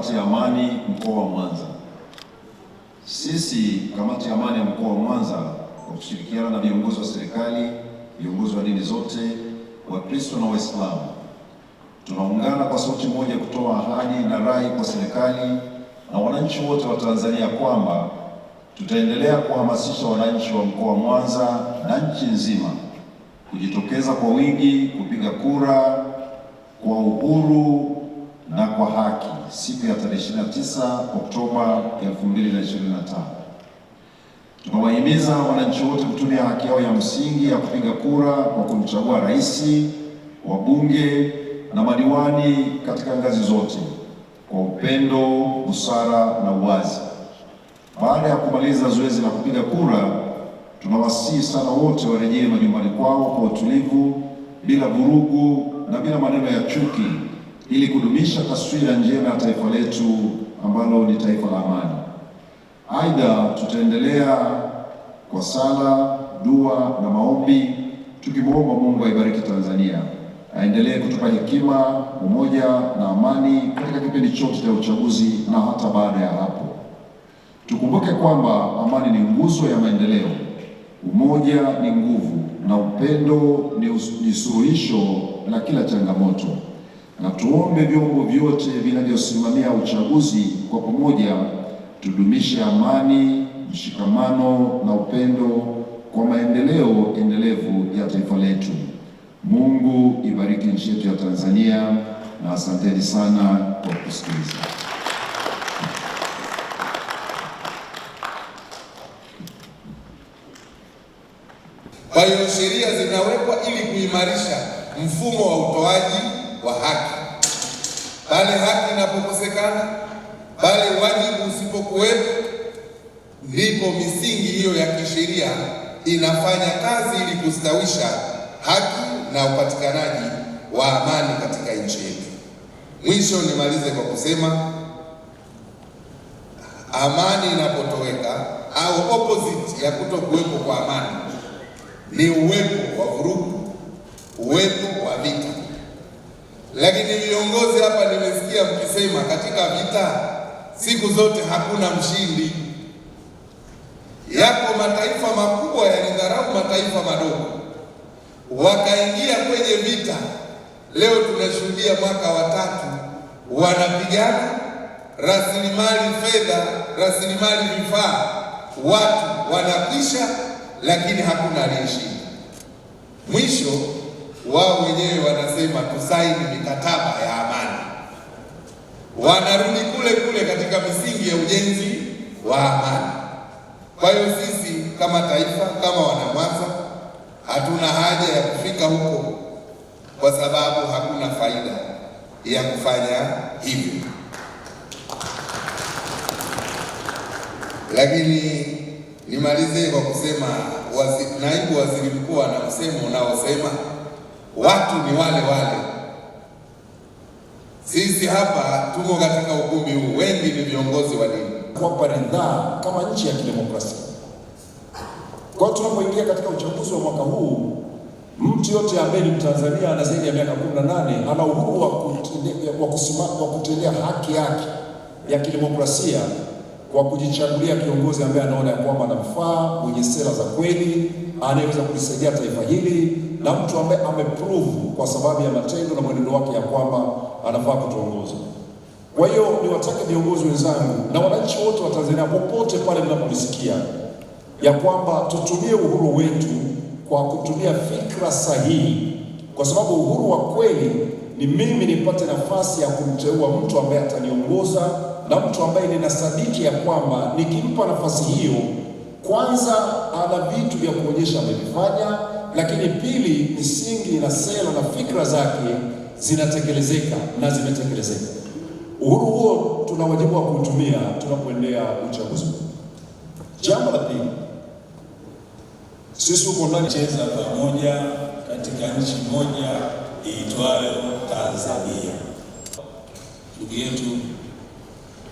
kamati ya amani mkoa wa Mwanza. Sisi kamati ya amani ya mkoa wa Mwanza kwa kushirikiana na viongozi wa serikali, viongozi wa dini zote, Wakristo na Waislamu, tunaungana kwa sauti moja kutoa ahadi na rai kwa serikali na wananchi wote wa Tanzania kwamba tutaendelea kuhamasisha wananchi wa mkoa wa Mwanza na nchi nzima kujitokeza kwa wingi kupiga kura kwa uhuru na kwa haki siku ya tarehe 29 Oktoba 2025. Tunawahimiza wananchi wote kutumia haki yao ya msingi ya kupiga kura kwa kumchagua rais, wabunge na madiwani katika ngazi zote kwa upendo, busara na uwazi. Baada ya kumaliza zoezi la kupiga kura, tunawasihi sana wote warejee majumbani kwao kwa utulivu, bila vurugu na bila maneno ya chuki ili kudumisha taswira njema ya taifa letu ambalo ni taifa la amani. Aidha, tutaendelea kwa sala, dua na maombi tukimwomba Mungu aibariki Tanzania, aendelee kutupa hekima, umoja na amani katika kipindi chote cha uchaguzi na hata baada ya hapo. Tukumbuke kwamba amani ni nguzo ya maendeleo, umoja ni nguvu na upendo ni, ni suluhisho la kila changamoto na tuombe vyombo vyote vinavyosimamia uchaguzi, kwa pamoja tudumishe amani, mshikamano na upendo kwa maendeleo endelevu ya taifa letu. Mungu ibariki nchi yetu ya Tanzania na asanteni sana kwa kusikiliza. Kwa hiyo sheria zinawekwa ili kuimarisha mfumo wa utoaji wa haki. Pale haki inapokosekana, pale wajibu usipokuwepo, ndipo misingi hiyo ya kisheria inafanya kazi ili kustawisha haki na upatikanaji wa amani katika nchi yetu. Mwisho nimalize kwa kusema amani inapotoweka au opposite ya kutokuwepo kwa amani ni uwepo wa vurugu, uwepo wa vita. Lakini viongozi hapa nimesikia mkisema katika vita siku zote hakuna mshindi. Yako mataifa makubwa yalidharau mataifa madogo, wakaingia kwenye vita. Leo tunashuhudia mwaka wa tatu wanapigana, rasilimali fedha, rasilimali vifaa, watu wanakisha, lakini hakuna aliyeshinda mwisho wao wenyewe wanasema tusaini mikataba ya amani, wanarudi kule kule katika misingi ya ujenzi wa amani. Kwa hiyo sisi kama taifa, kama wanamwanza, hatuna haja ya kufika huko, kwa sababu hakuna faida ya kufanya hivyo. Lakini nimalize kwa kusema wazi, naibu waziri mkuu ana msemo unaosema watu ni wale wale. Sisi hapa tuko katika ukumbi huu, wengi ni viongozi wa dini, kuwapa ridhaa kama nchi ya kidemokrasia. Kwa tunapoingia katika uchaguzi wa mwaka huu, mtu yote ambaye ni Mtanzania ana zaidi ya miaka 18 ana uhuru wa kutendea haki yake ya kidemokrasia kwa kujichagulia kiongozi ambaye anaona ya kwamba anamfaa, mwenye sera za kweli anayeweza kulisaidia taifa hili na mtu ambaye ameprove kwa sababu ya matendo na mwenendo wake ya kwamba anafaa kutuongoza. Kwa hiyo niwatake viongozi wenzangu na wananchi wote wa Tanzania popote pale mnapolisikia ya kwamba tutumie uhuru wetu kwa kutumia fikra sahihi, kwa sababu uhuru wa kweli ni mimi nipate nafasi ya kumteua mtu ambaye ataniongoza na mtu ambaye ninasadiki ya kwamba nikimpa nafasi hiyo kwanza ana vitu vya kuonyesha amevifanya, lakini pili, misingi na sera na fikra zake zinatekelezeka na zimetekelezeka. Uhuru huo tuna wajibu wa kuutumia tunapoendea uchaguzi. Jambo la pili, sisi huko ndani cheza pamoja katika nchi moja iitwayo Tanzania. Ndugu yetu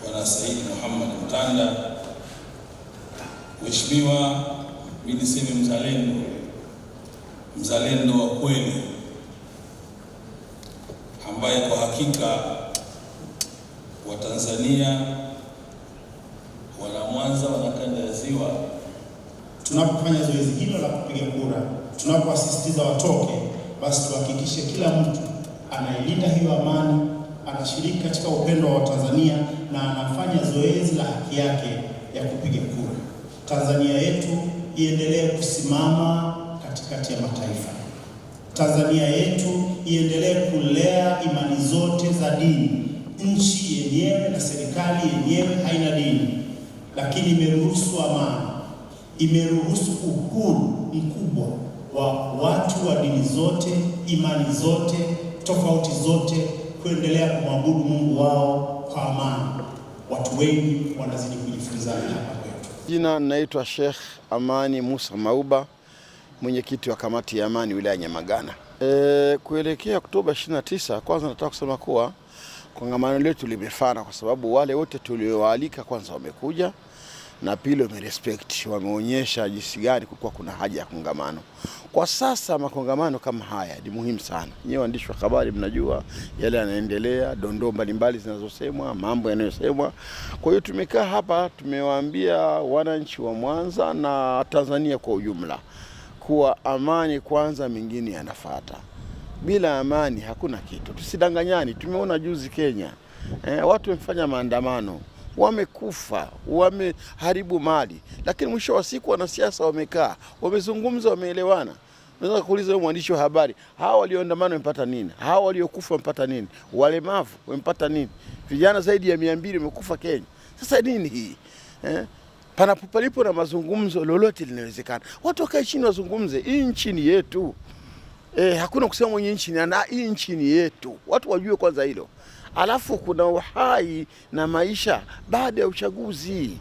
Bwana Saidi Muhammad Mtanda Mheshimiwa, mimi niseme mzalendo, mzalendo wa kweli ambaye kwa hakika Watanzania wana Mwanza, wana kanda ya Ziwa, tunapofanya zoezi hilo la kupiga kura, tunapowasisitiza watoke, basi tuhakikishe kila mtu anailinda hiyo amani, anashiriki katika upendo wa Watanzania na anafanya zoezi la haki yake ya kupiga kura. Tanzania yetu iendelee kusimama katikati ya mataifa. Tanzania yetu iendelee kulea imani zote za dini. Nchi yenyewe na serikali yenyewe haina dini, lakini imeruhusu amani, imeruhusu uhuru mkubwa wa watu wa dini zote, imani zote, tofauti zote kuendelea kumwabudu Mungu wao kwa amani. Watu wengi wanazidi kujifunza hapa. Jina naitwa Sheikh Amani Musa Mauba, mwenyekiti wa kamati ya amani wilaya Nyamagana. E, kuelekea Oktoba 29, kwanza nataka kusema kuwa kongamano letu limefana kwa sababu wale wote tuliowaalika kwanza wamekuja na pili wamerespect, wameonyesha jinsi gani kulikuwa kuna haja ya kongamano. Kwa sasa makongamano kama haya ni muhimu sana. Nyewe waandishi wa habari mnajua yale yanaendelea, dondoo mbalimbali zinazosemwa, mambo yanayosemwa. Kwa hiyo tumekaa hapa, tumewaambia wananchi wa Mwanza na Tanzania kwa ujumla kuwa amani kwanza, mengine yanafata Bila amani hakuna kitu, tusidanganyani. Tumeona juzi Kenya eh, watu wamefanya maandamano wamekufa, wameharibu mali, lakini mwisho wa siku wanasiasa wamekaa, wamezungumza, wameelewana. Naweza kuuliza wewe mwandishi wa habari, hawa walioandamana wamepata nini? Hawa waliokufa wamepata nini? Walemavu wamepata nini? Vijana zaidi ya mia mbili wamekufa Kenya. Sasa nini hii eh? Panapo palipo na mazungumzo, lolote linawezekana. Watu wakae chini wazungumze, hii nchi ni yetu. Eh, hakuna kusema mwenye nchi na hii nchi ni yetu. Watu wajue kwanza hilo alafu kuna uhai na maisha baada ya uchaguzi.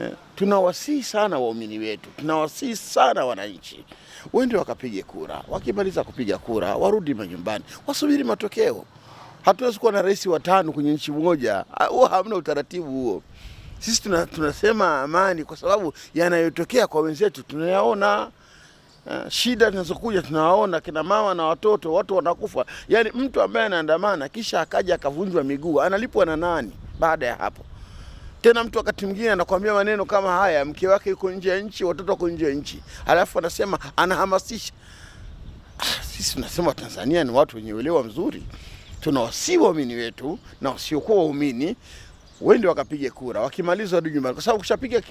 Eh, tunawasihi sana waumini wetu, tunawasihi sana wananchi wende wakapige kura. Wakimaliza kupiga kura, warudi manyumbani, wasubiri matokeo. Hatuwezi kuwa na rais watano kwenye nchi moja, ah, huo hamna utaratibu huo. Sisi tunasema amani, kwa sababu yanayotokea kwa wenzetu tunayaona. Eh, shida zinazokuja tunawaona kina mama na watoto, watu wanakufa. yani mtu ambaye anaandamana kisha akaja akavunjwa miguu analipwa na nani? Baada ya hapo tena mtu wakati mwingine anakuambia maneno kama haya, mke wake yuko nje ya nchi, watoto wako nje ya nchi, alafu anasema anahamasisha. Ah, sisi tunasema Tanzania ni watu wenye uelewa mzuri, tunawasii waumini wetu na wasiokuwa waumini Wende wakapige kura, wakimaliza warudi nyumbani, kwa sababu ukishapiga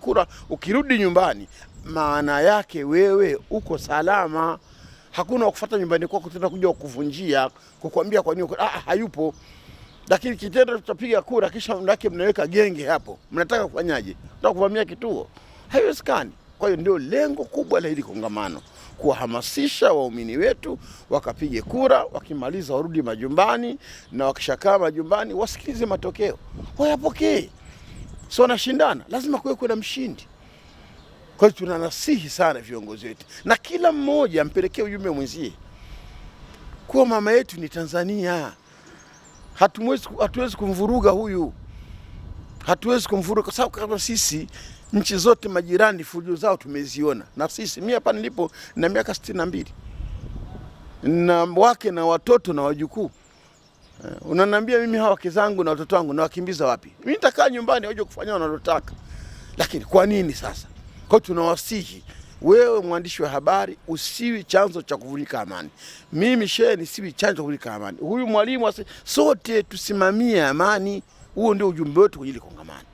kura ukirudi nyumbani, maana yake wewe uko salama. Hakuna wakufata nyumbani kwako tena kuja kukuvunjia kukwambia kwa nini ah, ah, hayupo. Lakini kitendo tutapiga kura, kisha mnake mnaweka genge hapo, mnataka kufanyaje? Mnataka kuvamia kituo? Haiwezekani. Kwa hiyo ndio lengo kubwa la hili kongamano kuwahamasisha waumini wetu wakapige kura, wakimaliza warudi majumbani, na wakishakaa majumbani wasikilize matokeo, wayapokee. So wanashindana, lazima kuwe na mshindi. Kwa hiyo tunanasihi sana viongozi wetu na kila mmoja ampelekee ujumbe mwenzie kuwa mama yetu ni Tanzania, hatuwezi kumvuruga huyu hatuwezi kumfuru kwa sababu kama sisi nchi zote majirani fujo zao tumeziona, na sisi mimi hapa nilipo na miaka sitini na mbili na wake na watoto na wajukuu. Uh, unaniambia mimi hawa wake zangu na watoto wangu nawakimbiza wapi? Mimi nitakaa nyumbani waje kufanya wanalotaka, lakini kwa nini sasa? Kwa hiyo tunawasihi wewe mwandishi wa habari usiwi chanzo cha kuvunjika amani. Mimi shehe nisiwi chanzo cha kuvunjika amani, huyu mwalimu, sote tusimamie amani. Huo ndio ujumbe wetu kwenye ile kongamano.